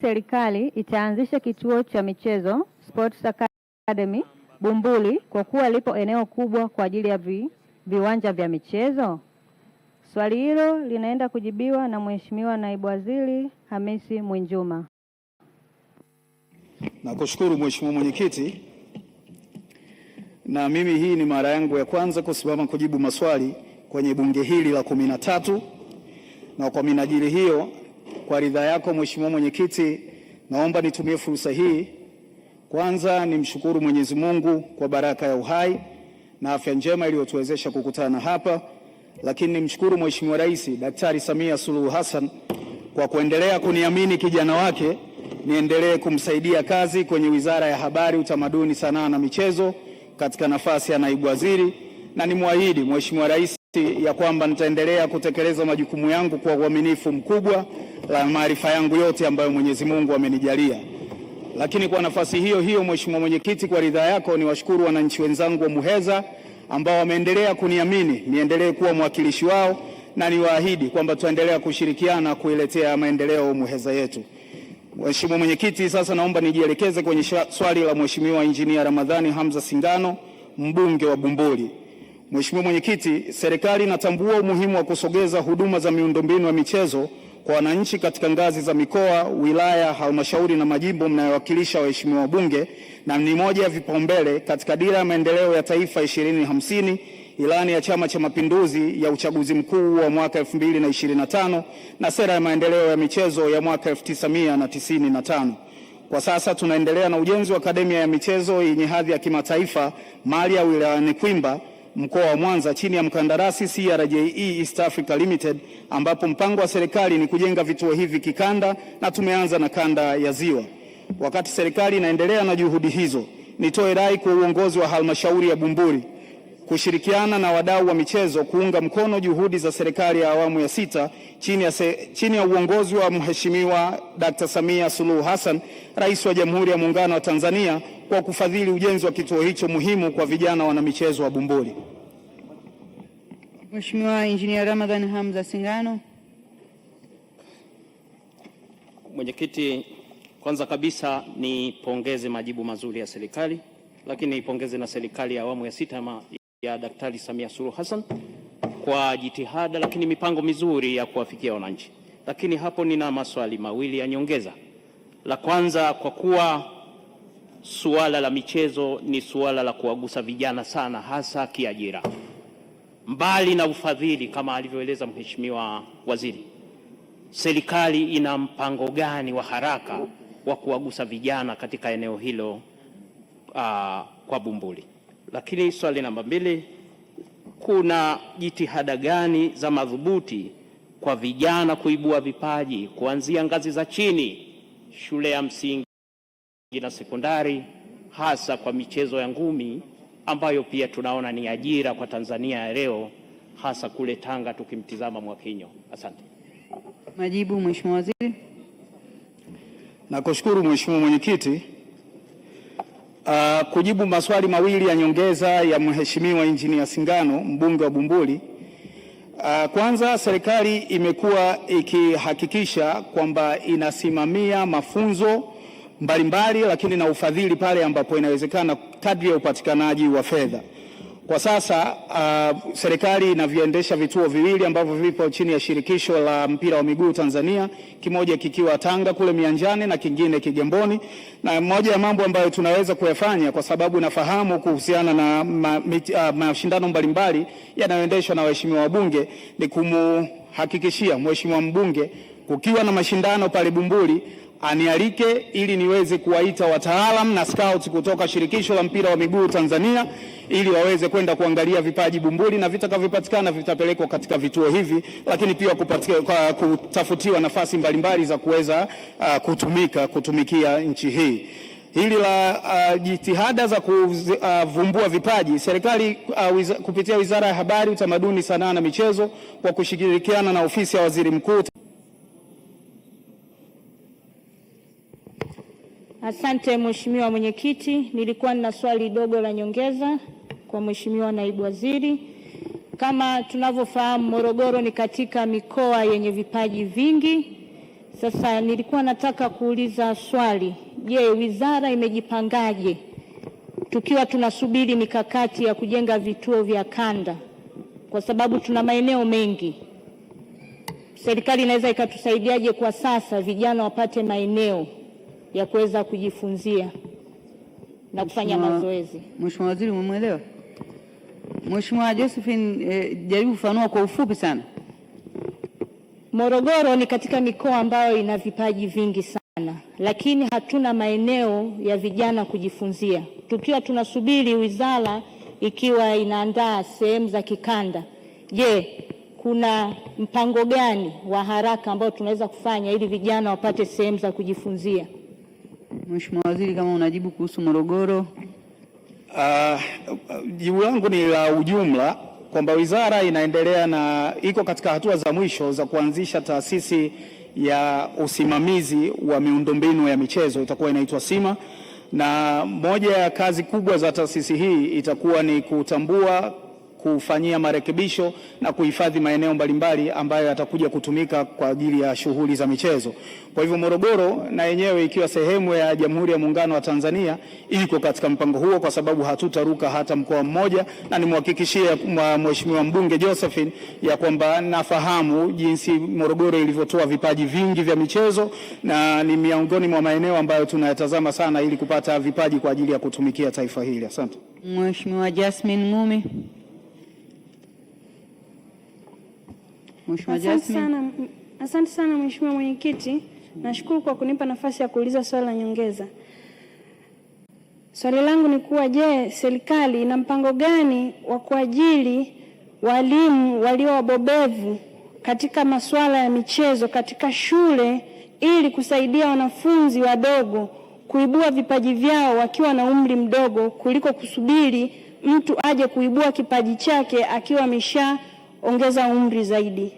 Serikali itaanzisha kituo cha michezo Sports Academy Bumbuli kwa kuwa lipo eneo kubwa kwa ajili ya vi, viwanja vya michezo? Swali hilo linaenda kujibiwa na Mheshimiwa Naibu Waziri Hamisi Mwinjuma. Nakushukuru Mheshimiwa Mwenyekiti, na mimi hii ni mara yangu ya kwanza kusimama kujibu maswali kwenye bunge hili la kumi na tatu na kwa minajili hiyo kwa ridhaa yako Mheshimiwa Mwenyekiti, naomba nitumie fursa hii kwanza nimshukuru Mwenyezi Mungu kwa baraka ya uhai na afya njema iliyotuwezesha kukutana hapa, lakini nimshukuru Mheshimiwa Rais Daktari Samia Suluhu Hassan kwa kuendelea kuniamini kijana wake niendelee kumsaidia kazi kwenye Wizara ya Habari, Utamaduni, Sanaa na Michezo katika nafasi ya naibu waziri, na nimwahidi Mheshimiwa Rais ya kwamba nitaendelea kutekeleza majukumu yangu kwa uaminifu mkubwa na maarifa yangu yote ambayo Mwenyezi Mungu amenijalia. Lakini kwa nafasi hiyo hiyo, Mheshimiwa Mwenyekiti, kwa ridhaa yako niwashukuru wananchi wenzangu wa Muheza ambao wameendelea kuniamini niendelee kuwa mwakilishi wao, na niwaahidi kwamba tutaendelea kushirikiana kuiletea maendeleo Muheza yetu. Mheshimiwa Mwenyekiti, sasa naomba nijielekeze kwenye swali la Mheshimiwa Injinia Ramadhani Hamza Singano, mbunge wa Bumbuli. Mheshimiwa Mwenyekiti, serikali inatambua umuhimu wa kusogeza huduma za miundombinu ya michezo kwa wananchi katika ngazi za mikoa, wilaya, halmashauri na majimbo mnayowakilisha waheshimiwa wabunge, na ni moja ya vipaumbele katika Dira ya Maendeleo ya Taifa 2050, Ilani ya Chama cha Mapinduzi ya uchaguzi mkuu wa mwaka 2025 na, na Sera ya Maendeleo ya Michezo ya mwaka 1995. Kwa sasa tunaendelea na ujenzi wa akademia ya michezo yenye hadhi ya kimataifa mali ya wilayani Kwimba mkoa wa Mwanza chini ya mkandarasi CRJE East Africa Limited, ambapo mpango wa serikali ni kujenga vituo hivi kikanda na tumeanza na kanda ya Ziwa. Wakati serikali inaendelea na juhudi hizo, nitoe rai kwa uongozi wa halmashauri ya Bumbuli kushirikiana na wadau wa michezo kuunga mkono juhudi za serikali ya awamu ya sita chini ya, se, chini ya uongozi wa Mheshimiwa Dr. Samia Suluhu Hassan, Rais wa Jamhuri ya Muungano wa Tanzania kwa kufadhili ujenzi wa kituo hicho muhimu kwa vijana wanamichezo wa Bumbuli. Mheshimiwa Injinia Ramadhan Hamza Singano. Mwenyekiti, kwanza kabisa nipongeze majibu mazuri ya serikali, lakini nipongeze na serikali ya awamu ya sita ma ya Daktari Samia Suluhu Hassan kwa jitihada lakini mipango mizuri ya kuwafikia wananchi. Lakini hapo nina maswali mawili ya nyongeza. La kwanza, kwa kuwa suala la michezo ni suala la kuwagusa vijana sana, hasa kiajira, mbali na ufadhili kama alivyoeleza Mheshimiwa Waziri, serikali ina mpango gani wa haraka wa kuwagusa vijana katika eneo hilo, uh, kwa Bumbuli? Lakini swali namba mbili, kuna jitihada gani za madhubuti kwa vijana kuibua vipaji kuanzia ngazi za chini shule ya msingi na sekondari, hasa kwa michezo ya ngumi ambayo pia tunaona ni ajira kwa Tanzania ya leo, hasa kule Tanga tukimtizama Mwakinyo. Asante. Majibu, Mheshimiwa Waziri. Nakushukuru Mheshimiwa Mwenyekiti. Uh, kujibu maswali mawili ya nyongeza ya Mheshimiwa Injinia Singano mbunge wa Bumbuli. Uh, kwanza serikali imekuwa ikihakikisha kwamba inasimamia mafunzo mbalimbali, lakini na ufadhili pale ambapo inawezekana kadri ya upatikanaji wa fedha. Kwa sasa uh, serikali inaviendesha vituo viwili ambavyo vipo chini ya shirikisho la mpira wa miguu Tanzania, kimoja kikiwa Tanga kule Mianjani na kingine Kigamboni. Na moja ya mambo ambayo tunaweza kuyafanya, kwa sababu nafahamu kuhusiana na uh, mashindano uh, mbalimbali yanayoendeshwa na waheshimiwa wabunge, ni kumhakikishia mheshimiwa mbunge kukiwa na mashindano pale Bumbuli anialike ili niweze kuwaita wataalamu na scouts kutoka shirikisho la mpira wa miguu Tanzania ili waweze kwenda kuangalia vipaji bumbuli na vitakavyopatikana vitapelekwa katika vituo hivi, lakini pia kupatika, kutafutiwa nafasi mbalimbali za kuweza uh, kutumika kutumikia nchi hii. Hili la uh, jitihada za kuvumbua uh, vipaji, serikali uh, wiza, kupitia Wizara ya Habari, Utamaduni, Sanaa na Michezo kwa kushirikiana na Ofisi ya Waziri Mkuu Asante Mheshimiwa Mwenyekiti, nilikuwa nina swali dogo la nyongeza kwa Mheshimiwa Naibu Waziri. Kama tunavyofahamu, Morogoro ni katika mikoa yenye vipaji vingi. Sasa nilikuwa nataka kuuliza swali, je, wizara imejipangaje tukiwa tunasubiri mikakati ya kujenga vituo vya kanda, kwa sababu tuna maeneo mengi. Serikali inaweza ikatusaidiaje kwa sasa vijana wapate maeneo ya kuweza kujifunzia na kufanya mazoezi. Mheshimiwa Waziri, umemwelewa Mheshimiwa Josephine? Eh, jaribu kufanua kwa ufupi sana. Morogoro ni katika mikoa ambayo ina vipaji vingi sana, lakini hatuna maeneo ya vijana kujifunzia, tukiwa tunasubiri wizara ikiwa inaandaa sehemu za kikanda. Je, kuna mpango gani wa haraka ambao tunaweza kufanya ili vijana wapate sehemu za kujifunzia? Mheshimiwa Waziri, kama unajibu kuhusu Morogoro. Uh, jibu langu ni la ujumla kwamba wizara inaendelea na iko katika hatua za mwisho za kuanzisha taasisi ya usimamizi wa miundombinu ya michezo, itakuwa inaitwa SIMA, na moja ya kazi kubwa za taasisi hii itakuwa ni kutambua kufanyia marekebisho na kuhifadhi maeneo mbalimbali ambayo yatakuja kutumika kwa ajili ya shughuli za michezo. Kwa hivyo, Morogoro na yenyewe ikiwa sehemu ya Jamhuri ya Muungano wa Tanzania iko katika mpango huo, kwa sababu hatutaruka hata mkoa mmoja, na nimhakikishie Mheshimiwa mbunge Josephine ya kwamba nafahamu jinsi Morogoro ilivyotoa vipaji vingi vya michezo na ni miongoni mwa maeneo ambayo tunayatazama sana ili kupata vipaji kwa ajili ya kutumikia taifa hili. Asante. Mheshimiwa Jasmine Ngumi. Mheshimiwa Jasmine. Asante sana, Mheshimiwa Mwenyekiti, nashukuru kwa kunipa nafasi ya kuuliza swali la nyongeza. Swali langu ni kuwa je, serikali ina mpango gani wa kuajili walimu walio wabobevu katika masuala ya michezo katika shule ili kusaidia wanafunzi wadogo kuibua vipaji vyao wakiwa na umri mdogo kuliko kusubiri mtu aje kuibua kipaji chake akiwa ameshaongeza umri zaidi.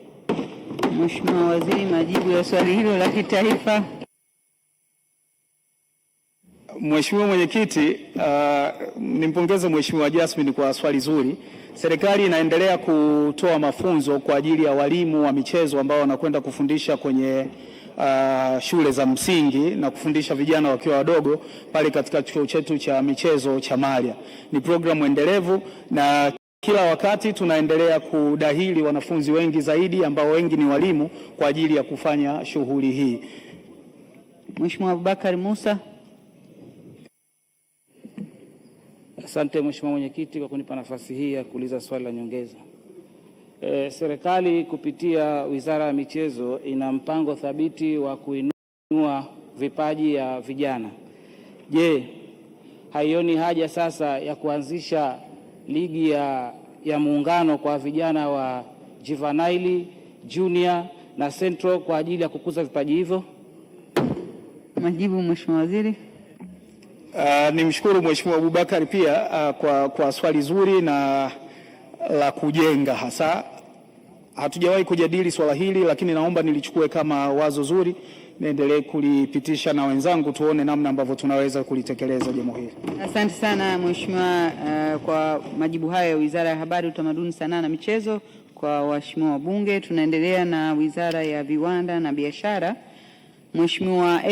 Mheshimiwa Waziri, majibu ya swali hilo la kitaifa. Mheshimiwa Mwenyekiti, uh, nimpongeze Mheshimiwa Jasmine kwa swali zuri. Serikali inaendelea kutoa mafunzo kwa ajili ya walimu wa michezo ambao wanakwenda kufundisha kwenye uh, shule za msingi na kufundisha vijana wakiwa wadogo pale katika chuo chetu cha michezo cha Maria. Ni programu endelevu na kila wakati tunaendelea kudahili wanafunzi wengi zaidi ambao wengi ni walimu kwa ajili ya kufanya shughuli hii. Mheshimiwa Abubakar Musa. Asante Mheshimiwa Mwenyekiti kwa kunipa nafasi hii ya kuuliza swali la nyongeza. E, serikali kupitia Wizara ya Michezo ina mpango thabiti wa kuinua vipaji ya vijana. Je, haioni haja sasa ya kuanzisha ligi ya, ya muungano kwa vijana wa jivanaili Junior na Central kwa ajili ya kukuza vipaji hivyo. Majibu, Mheshimiwa Waziri. Uh, nimshukuru Mheshimiwa Abubakar pia uh, kwa, kwa swali zuri na la kujenga hasa. Hatujawahi kujadili swala hili, lakini naomba nilichukue kama wazo zuri niendelee kulipitisha na wenzangu tuone namna ambavyo tunaweza kulitekeleza jambo hili. Asante sana mheshimiwa, uh, kwa majibu hayo ya Wizara ya Habari, Utamaduni, Sanaa na Michezo kwa waheshimiwa wabunge. Tunaendelea na Wizara ya Viwanda na Biashara, Mheshimiwa